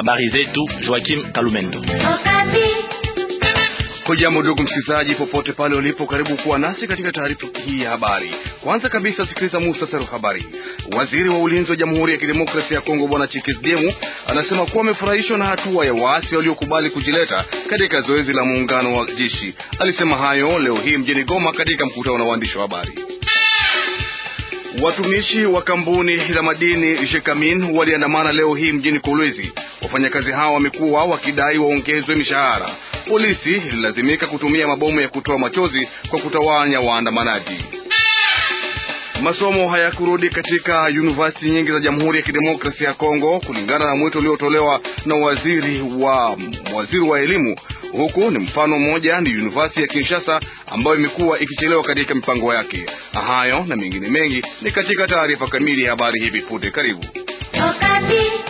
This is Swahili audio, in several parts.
habari zetu Joachim Kalumendo. Hujambo ndugu msikilizaji, popote pale ulipo, karibu kuwa nasi katika taarifa hii ya habari. Kwanza kabisa, sikiliza muhtasari wa habari. Waziri wa ulinzi wa Jamhuri ya Kidemokrasia ya Kongo Bwana Chikizgemu anasema kuwa amefurahishwa na hatua ya waasi waliokubali kujileta katika zoezi la muungano wa jeshi. Alisema hayo leo hii mjini Goma katika mkutano na waandishi wa habari. Watumishi wa kampuni la madini Jekamin waliandamana leo hii mjini Kolwezi Wafanyakazi hao wamekuwa wakidai waongezwe mishahara. Polisi ililazimika kutumia mabomu ya kutoa machozi kwa kutawanya waandamanaji. Masomo hayakurudi katika yunivasiti nyingi za Jamhuri ya Kidemokrasia ya Kongo kulingana na mwito uliotolewa na waziri wa waziri wa elimu. Huku ni mfano mmoja ni yunivasiti ya Kinshasa ambayo imekuwa ikichelewa katika mipango yake. Hayo na mengine mengi ni katika taarifa kamili ya habari hivi punde. Karibu Okati.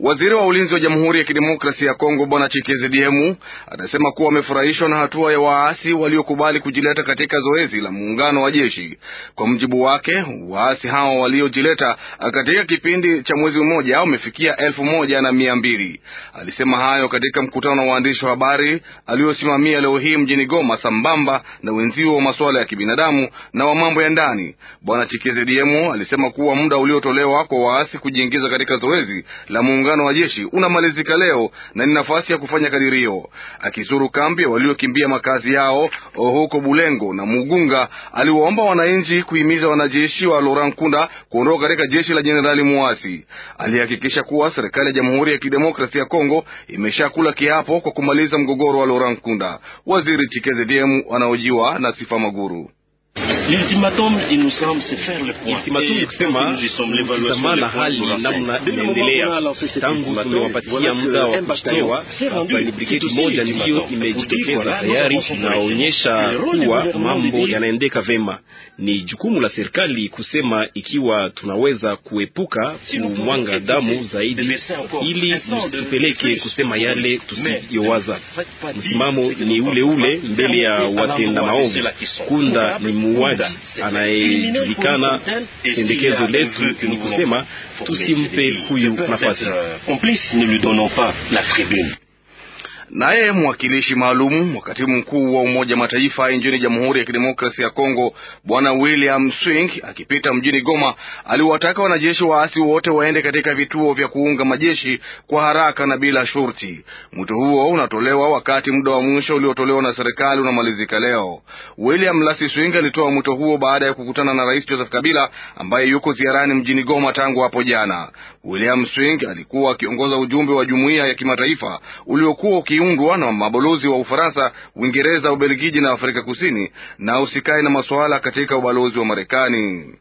Waziri wa ulinzi wa Jamhuri ya Kidemokrasia ya Kongo Bwana Chikeze Diemu anasema kuwa wamefurahishwa na hatua ya waasi waliokubali kujileta katika zoezi la muungano wa jeshi. Kwa mjibu wake, waasi hao waliojileta katika kipindi cha mwezi mmoja wamefikia elfu moja na mia mbili. Alisema hayo katika mkutano na waandishi wa habari aliosimamia leo hii mjini Goma sambamba na wenzio wa masuala ya kibinadamu na wa mambo ya ndani. Bwana Chikeze Diemu alisema kuwa muda uliotolewa kwa waasi kujiingiza katika zoezi la la muungano wa jeshi unamalizika leo na ni nafasi ya kufanya kadirio. Akizuru kambi waliokimbia makazi yao huko Bulengo na Mugunga, aliwaomba wananchi kuhimiza wanajeshi wa Laurent Nkunda kuondoka katika jeshi la jenerali muasi. Alihakikisha kuwa serikali ya Jamhuri ya kidemokrasi ya Kongo imeshakula kiapo kwa kumaliza mgogoro wa Laurent Nkunda. Waziri Chikeze DM anaojiwa na Sifa Maguru Ultimatum ni kusema mkitazama na hali namna inaendelea tangu tumewapatia muda wa kuchelewa ni brigeti moja ndiyo imejitokeza tayari, inaonyesha kuwa mambo yanaendeka vema. Ni jukumu la serikali kusema ikiwa tunaweza kuepuka kumwanga damu zaidi, ili msitupeleke kusema yale tusiyowaza. Msimamo ni ule ule mbele ya watenda maovu. Kunda ni muuaji Nous hein, ne lui letu pas la tusimpe la nafasi. Naye mwakilishi maalum wa katibu mkuu wa Umoja Mataifa nchini Jamhuri ya Kidemokrasia ya Kongo Bwana William Swing akipita mjini Goma aliwataka wanajeshi waasi wote waende katika vituo vya kuunga majeshi kwa haraka na bila shurti. Mwito huo unatolewa wakati muda wa mwisho uliotolewa na serikali unamalizika leo. William Lasi Swing alitoa mwito huo baada ya kukutana na Rais Joseph Kabila ambaye yuko ziarani mjini Goma tangu hapo jana. William Swing alikuwa akiongoza ujumbe wa jumuiya ya kimataifa uliokuwa uki iliundwa na mabalozi wa Ufaransa, Uingereza, Ubelgiji na Afrika Kusini, na usikae na masuala katika ubalozi wa Marekani.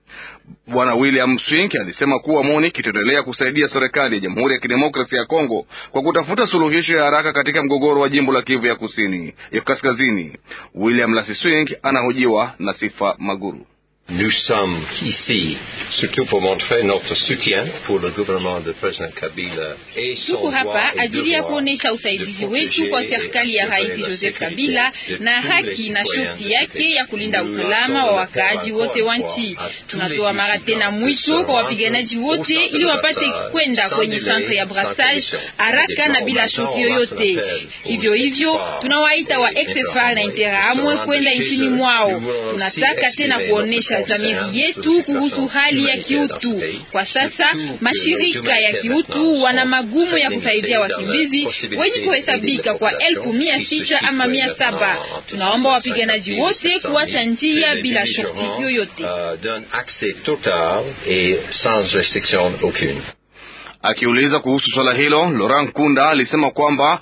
Bwana William Swink alisema kuwa MONUC itaendelea kusaidia serikali ya Jamhuri ya Kidemokrasia ya Kongo kwa kutafuta suluhisho ya haraka katika mgogoro wa jimbo la Kivu ya Kusini ya Kaskazini. William Lasiswink anahojiwa na Sifa Maguru. Nous sommes ici surtout pour montrer notre soutien pour le gouvernement de President Kabila et son tuko hapa ajili ya kuonesha usaidizi wetu kwa serikali ya Rais Joseph Kabila na haki na sharti yake ya kulinda usalama wa wakaaji wote wa nchi. Tunatoa mara tena mwito kwa wapiganaji wote ili wapate kwenda kwenye centre ya brassage haraka na bila sharti yoyote. Hivyo hivyo tunawaita wa xfr na Interahamwe kwenda nchini mwao. Tunataka tena kuonesha za yetu kuhusu hali ya kiutu. Kwa sasa mashirika ya kiutu wana magumu ya kusaidia wakimbizi wenye kuhesabika kwa elfu mia sita ama mia saba. Tunaomba wapiganaji wote kuacha njia bila sharti yoyote. Euh, Akiuliza kuhusu swala hilo, Laurent Kunda alisema kwamba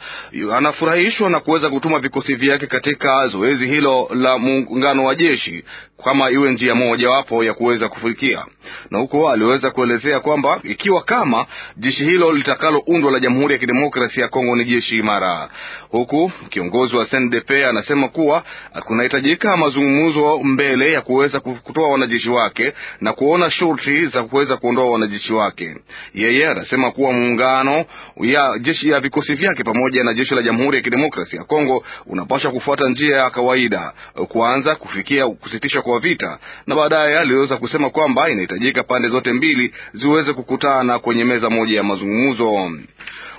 anafurahishwa na kuweza kutuma vikosi vyake katika zoezi hilo la muungano wa jeshi kama iwe njia mojawapo ya kuweza kufikia, na huko aliweza kuelezea kwamba ikiwa kama jeshi hilo litakaloundwa la Jamhuri ya Kidemokrasia ya Kongo ni jeshi imara, huku kiongozi wa sndp anasema kuwa kunahitajika mazungumzo mbele ya kuweza kutoa wanajeshi wake na kuona shurti za kuweza kuondoa wanajeshi wake. Yeye anasema kusema kuwa muungano ya jeshi ya vikosi vyake pamoja na jeshi la Jamhuri ya Kidemokrasia ya Kongo unapaswa kufuata njia ya kawaida, kwanza kufikia kusitishwa kwa vita, na baadaye aliweza kusema kwamba inahitajika pande zote mbili ziweze kukutana kwenye meza moja ya mazungumzo.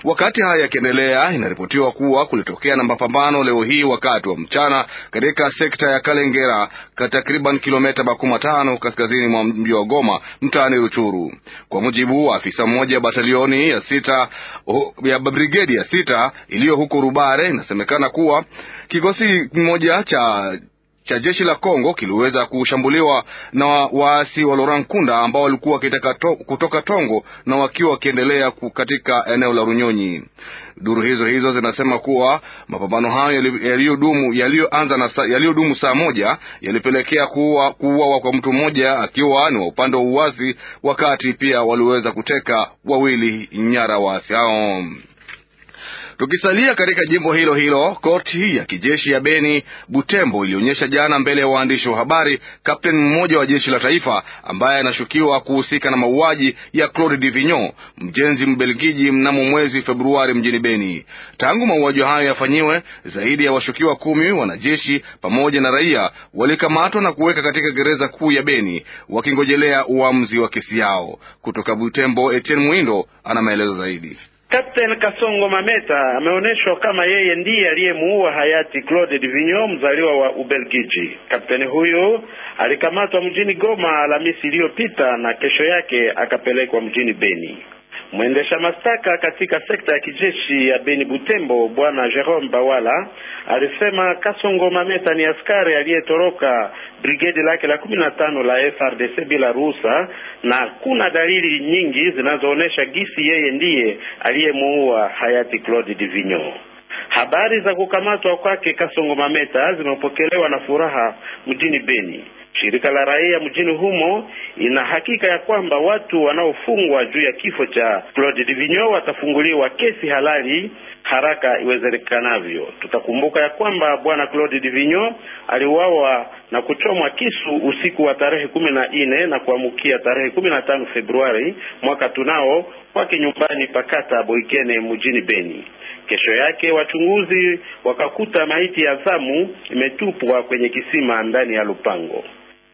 Wakati haya yakiendelea, inaripotiwa kuwa kulitokea na mapambano leo hii wakati wa mchana katika sekta ya Kalengera, takriban kilomita makumi matano kaskazini mwa mji wa Goma, mtaani Ruchuru. Kwa mujibu wa afisa mmoja ya batalioni ya sita ya brigedi ya sita iliyo huko Rubare, inasemekana kuwa kikosi kimoja cha cha jeshi la Kongo kiliweza kushambuliwa na waasi wa Laurent Nkunda ambao walikuwa wakitaka to, kutoka Tongo na wakiwa wakiendelea katika eneo la Runyonyi. Duru hizo hizo zinasema kuwa mapambano hayo yaliyodumu yaliyoanza yaliyodumu saa moja yalipelekea kuuawa kuwa kwa mtu mmoja akiwa ni wa upande wa uwazi wakati pia waliweza kuteka wawili nyara waasi hao. Tukisalia katika jimbo hilo hilo, koti ya kijeshi ya Beni Butembo ilionyesha jana mbele ya waandishi wa habari kapteni mmoja wa jeshi la taifa ambaye anashukiwa kuhusika na mauaji ya Claude Divignon, mjenzi Mbelgiji, mnamo mwezi Februari mjini Beni. Tangu mauaji hayo yafanyiwe, zaidi ya washukiwa kumi wanajeshi pamoja na raia walikamatwa na kuweka katika gereza kuu ya Beni wakingojelea uamuzi wa kesi yao. Kutoka Butembo, Etienne Mwindo ana maelezo zaidi. Captain Kasongo Mameta ameonyeshwa kama yeye ndiye aliyemuua hayati Claude Divignon mzaliwa wa Ubelgiji. Kapteni huyo alikamatwa mjini Goma Alhamisi iliyopita na kesho yake akapelekwa mjini Beni. Mwendesha mashtaka katika sekta ya kijeshi ya Beni Butembo, bwana Jerome Bawala alisema Kasongo Mameta ni askari aliyetoroka brigade lake la kumi na tano la FRDC bila ruhusa na kuna dalili nyingi zinazoonyesha gisi yeye ndiye aliyemuua hayati Claude Divinyo. Habari za kukamatwa kwake Kasongo Mameta zimepokelewa na furaha mjini Beni. Shirika la raia mjini humo ina hakika ya kwamba watu wanaofungwa juu ya kifo cha Claude Divinyo watafunguliwa kesi halali haraka iwezekanavyo. Tutakumbuka ya kwamba bwana Claude Divinyo aliuawa na kuchomwa kisu usiku wa tarehe kumi na nne na kuamkia tarehe kumi na tano Februari mwaka tunao kwake nyumbani Pakata Boikene mjini Beni. Kesho yake wachunguzi wakakuta maiti ya Zamu imetupwa kwenye kisima ndani ya lupango.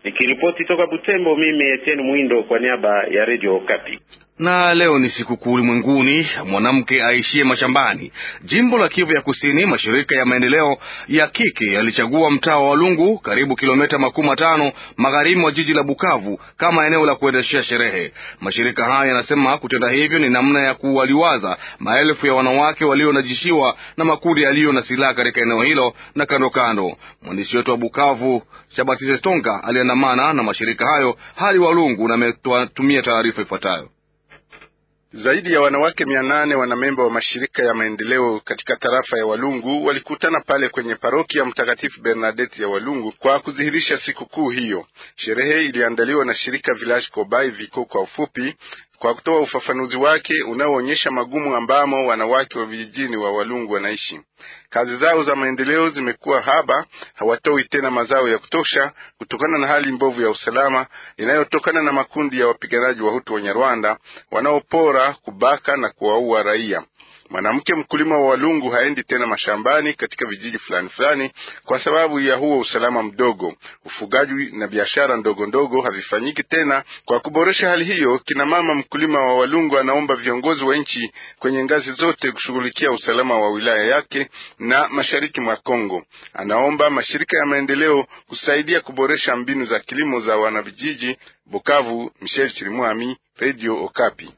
Nikiripoti toka Butembo, mimi Etienne Mwindo kwa niaba ya Radio Kapi na leo ni sikukuu ulimwenguni mwanamke aishie mashambani. Jimbo la Kivu ya Kusini, mashirika ya maendeleo ya kike yalichagua mtaa wa Walungu, karibu kilomita makumi matano magharibi mwa jiji la Bukavu, kama eneo la kuendeshea sherehe. Mashirika hayo yanasema kutenda hivyo ni namna ya kuwaliwaza maelfu ya wanawake walionajishiwa na makundi yaliyo na silaha katika eneo hilo na kando kando. Mwandishi wetu wa Bukavu, Shabatise Stonga, aliandamana na mashirika hayo hadi Walungu na ametumia taarifa ifuatayo. Zaidi ya wanawake mia nane wanamemba wa mashirika ya maendeleo katika tarafa ya Walungu walikutana pale kwenye paroki ya Mtakatifu Bernadette ya Walungu kwa kudhihirisha sikukuu hiyo. Sherehe iliandaliwa na shirika Village Kobai Viko kwa ufupi, kwa kutoa ufafanuzi wake unaoonyesha magumu ambamo wanawake wa vijijini wa Walungu wanaishi. Kazi zao za maendeleo zimekuwa haba, hawatoi tena mazao ya kutosha kutokana na hali mbovu ya usalama inayotokana na makundi ya wapiganaji wa Hutu wa Nyarwanda wanaopora, kubaka na kuwaua raia. Mwanamke mkulima wa Walungu haendi tena mashambani katika vijiji fulani fulani kwa sababu ya huo usalama mdogo. Ufugaji na biashara ndogo ndogo havifanyiki tena. Kwa kuboresha hali hiyo, kina mama mkulima wa Walungu anaomba viongozi wa nchi kwenye ngazi zote kushughulikia usalama wa wilaya yake na mashariki mwa Kongo. Anaomba mashirika ya maendeleo kusaidia kuboresha mbinu za kilimo za wanavijiji. Bukavu, Michel Chirimwami, Radio Okapi.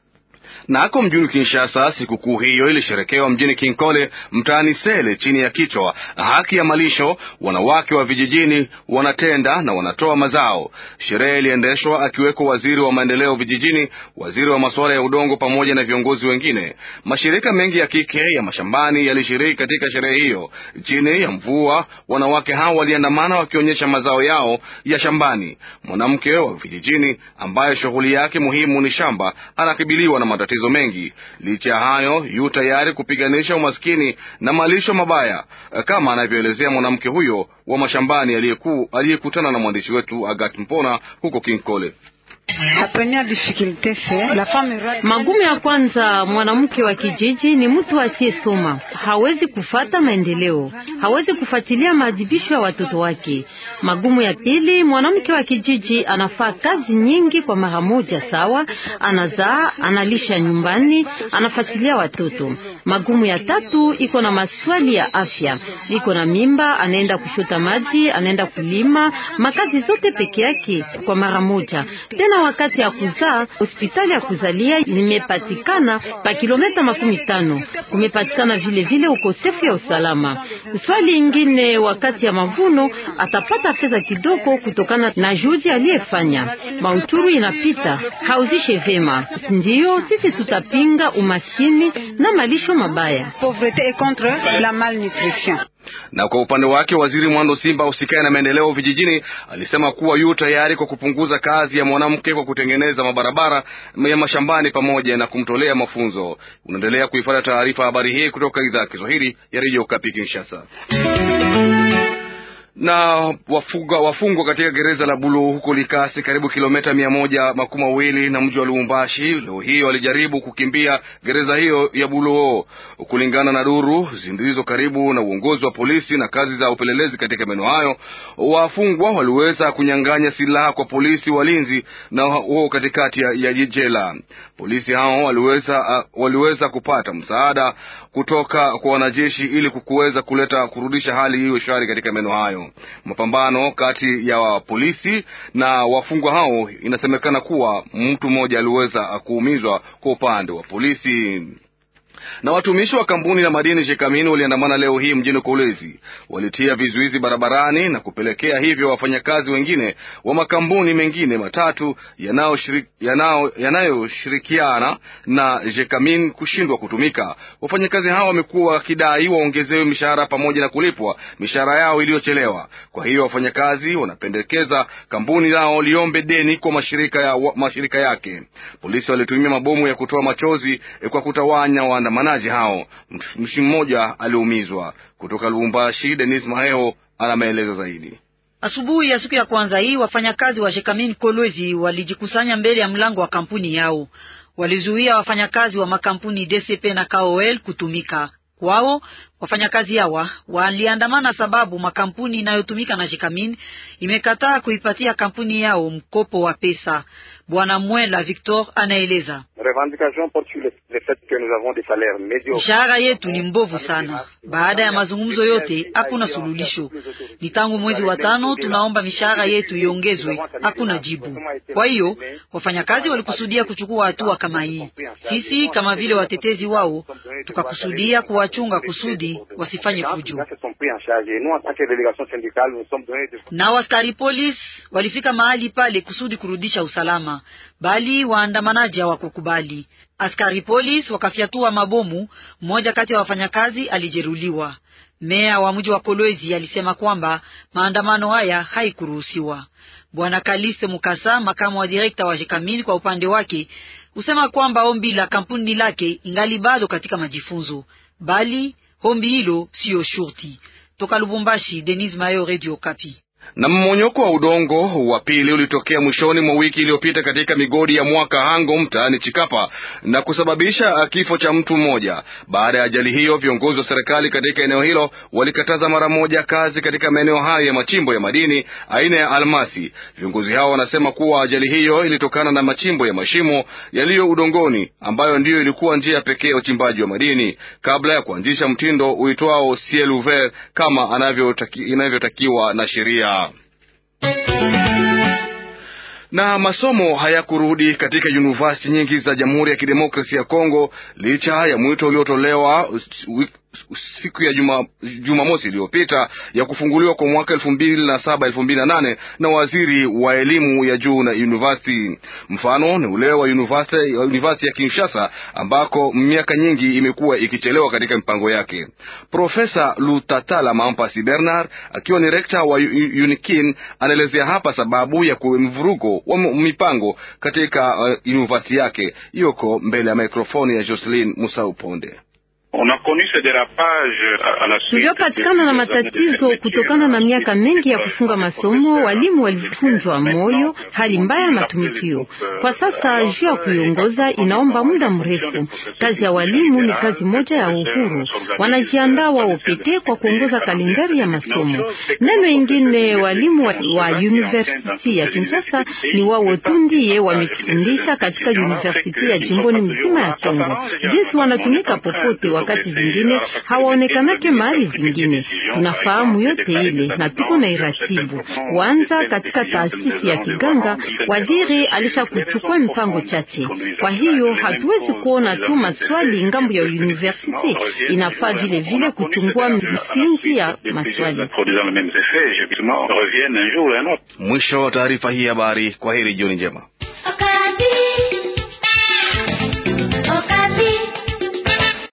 Nako mjini Kinshasa, sikukuu hiyo ilisherekewa mjini Kinkole, mtaani Sele, chini ya kichwa haki ya malisho, wanawake wa vijijini wanatenda na wanatoa mazao. Sherehe iliendeshwa akiweko waziri wa maendeleo vijijini, waziri wa masuala ya udongo, pamoja na viongozi wengine. Mashirika mengi ya kike ya mashambani yalishiriki katika sherehe hiyo. Chini ya mvua, wanawake hao waliandamana wakionyesha mazao yao ya shambani. Mwanamke wa vijijini ambaye shughuli yake muhimu ni shamba anakabiliwa na matatizo mengi. Licha ya hayo, yu tayari kupiganisha umaskini na malisho mabaya, kama anavyoelezea mwanamke huyo wa mashambani aliyekutana na mwandishi wetu Agat Mpona huko King Kole. Magumu ya kwanza, mwanamke wa kijiji ni mtu asiyesoma, hawezi kufata maendeleo, hawezi kufuatilia maadhibisho ya watoto wake. Magumu ya pili, mwanamke wa kijiji anafaa kazi nyingi kwa mara moja, sawa, anazaa, analisha nyumbani, anafuatilia watoto. Magumu ya tatu, iko na maswali ya afya, iko na mimba, anaenda kushota maji, anaenda kulima, makazi zote peke yake kwa mara moja tena wakati ya kuzaa, hospitali ya kuzalia limepatikana pa kilomita makumi tano. Kumepatikana vile vile ukosefu ya usalama. Swali ingine, wakati ya mavuno atapata fedha kidogo kutokana na juhudi aliyefanya. Mauturu inapita hauzishe vema, ndiyo sisi tutapinga umaskini na malisho mabaya, contre la malnutrition. Na kwa upande wake waziri Mwando Simba usikae na maendeleo vijijini alisema kuwa yu tayari kwa kupunguza kazi ya mwanamke kwa kutengeneza mabarabara ya mashambani pamoja na kumtolea mafunzo. Unaendelea kuifata taarifa habari hii kutoka idhaa ya Kiswahili ya redio Kapi Kinshasa na wafuga, wafungwa katika gereza la Bulu huko Likasi, karibu kilomita mia moja makumi mawili na mji wa Lubumbashi, leo hii walijaribu kukimbia gereza hiyo ya Bulu. kulingana na duru zilizo karibu na uongozi wa polisi na kazi za upelelezi katika maeneo hayo. Wafungwa waliweza kunyang'anya silaha kwa polisi walinzi na wao katikati ya, ya jela. Polisi hao waliweza, uh, waliweza kupata msaada kutoka kwa wanajeshi ili kuweza kuleta kurudisha hali hiyo shwari katika maeneo hayo. Mapambano kati ya polisi na wafungwa hao, inasemekana kuwa mtu mmoja aliweza kuumizwa kwa upande wa polisi na watumishi wa kampuni la madini Jecamin waliandamana leo hii mjini Kolwezi. Walitia vizuizi barabarani na kupelekea hivyo wafanyakazi wengine wa makampuni mengine matatu yanayoshirikiana na Jecamin kushindwa kutumika. Wafanyakazi hao wamekuwa wakidai waongezewe mishahara pamoja na kulipwa mishahara yao iliyochelewa. Kwa hiyo wafanyakazi wanapendekeza kampuni lao liombe deni kwa mashirika, ya, mashirika yake. Polisi walitumia mabomu ya kutoa machozi eh, kwa kutawanya waandamanaji waandamanaji hao. mshi mmoja aliumizwa. Kutoka Lubumbashi, Denis maeo ana maelezo zaidi. Asubuhi ya siku ya kwanza hii wafanyakazi wa Shekamin Kolwezi walijikusanya mbele ya mlango wa kampuni yao. Walizuia wafanyakazi wa makampuni DCP na KOL kutumika kwao Wafanyakazi hawa waliandamana sababu makampuni inayotumika na Jikamin imekataa kuipatia kampuni yao mkopo wa pesa. Bwana Mwela Victor anaeleza mshahara yetu ni mbovu sana. Baada ya mazungumzo yote, hakuna suluhisho. Ni tangu mwezi wa tano tunaomba mishahara yetu iongezwe, hakuna jibu. Kwa hiyo wafanyakazi walikusudia kuchukua hatua kama hii. Sisi kama vile watetezi wao tukakusudia kuwachunga kusudi kazi, wasifanye fujo. Na waskari polisi walifika mahali pale kusudi kurudisha usalama, bali waandamanaji hawakukubali. Askari polisi wakafyatua mabomu, mmoja kati ya wafanyakazi alijeruliwa. Meya wa mji wa Kolwezi alisema kwamba maandamano haya haikuruhusiwa. Bwana Kalise Mukasa, makamu wa direkta wa Jekamil, kwa upande wake husema kwamba ombi la kampuni lake ingali bado katika majifunzo, bali Ombi hilo siyo shurti. Toka Lubumbashi, Denis Mayo, Radio Kapi. Na mmonyoko wa udongo wa pili ulitokea mwishoni mwa wiki iliyopita katika migodi ya mwaka hango mtaani Chikapa na kusababisha uh, kifo cha mtu mmoja. Baada ya ajali hiyo, viongozi wa serikali katika eneo hilo walikataza mara moja kazi katika maeneo hayo ya machimbo ya madini aina ya almasi. Viongozi hao wanasema kuwa ajali hiyo ilitokana na machimbo ya mashimo yaliyo udongoni, ambayo ndiyo ilikuwa njia pekee ya uchimbaji wa madini kabla ya kuanzisha mtindo uitwao kama inavyotakiwa na sheria. Na masomo hayakurudi katika yunivasiti nyingi za Jamhuri ya Kidemokrasia ya Kongo licha ya mwito uliotolewa siku ya juma, Jumamosi iliyopita ya kufunguliwa kwa mwaka elfu mbili na saba elfu mbili na nane na waziri wa elimu ya juu na university. Mfano ni ule wa university ya Kinshasa ambako miaka nyingi imekuwa ikichelewa katika mipango yake. Profesa Lutatala Mampasi Bernard akiwa ni rekta wa UNIKIN anaelezea hapa sababu ya mvurugo wa mipango katika uh, university yake. Yuko mbele ya mikrofoni ya Jocelyn Musau Ponde tuliopatikana na matatizo kutokana na miaka mengi ya kufunga masomo, walimu walifunjwa moyo, hali mbaya ya matumikio. Kwa sasa juu ya kuiongoza inaomba muda mrefu. Kazi ya walimu ni kazi moja ya uhuru, wanajiandaa wao pekee kwa kuongoza kalendari ya masomo. Neno ingine, walimu wa, wa university ya Kinshasa ni wao tu ndiye wamefundisha katika university ya jimboni mzima ya Kongo, jinsi wanatumika popote wa wakati zingine hawaonekanake mahali zingine. Tunafahamu yote ile na tuko na iratibu kwanza katika taasisi ya kiganga. Waziri alishakuchukua mpango chache, kwa hiyo hatuwezi kuona tu maswali ngambo ya university, inafaa vile vile kuchungua misingi ya maswali. Mwisho wa taarifa hii habari. Kwa heri, jioni njema.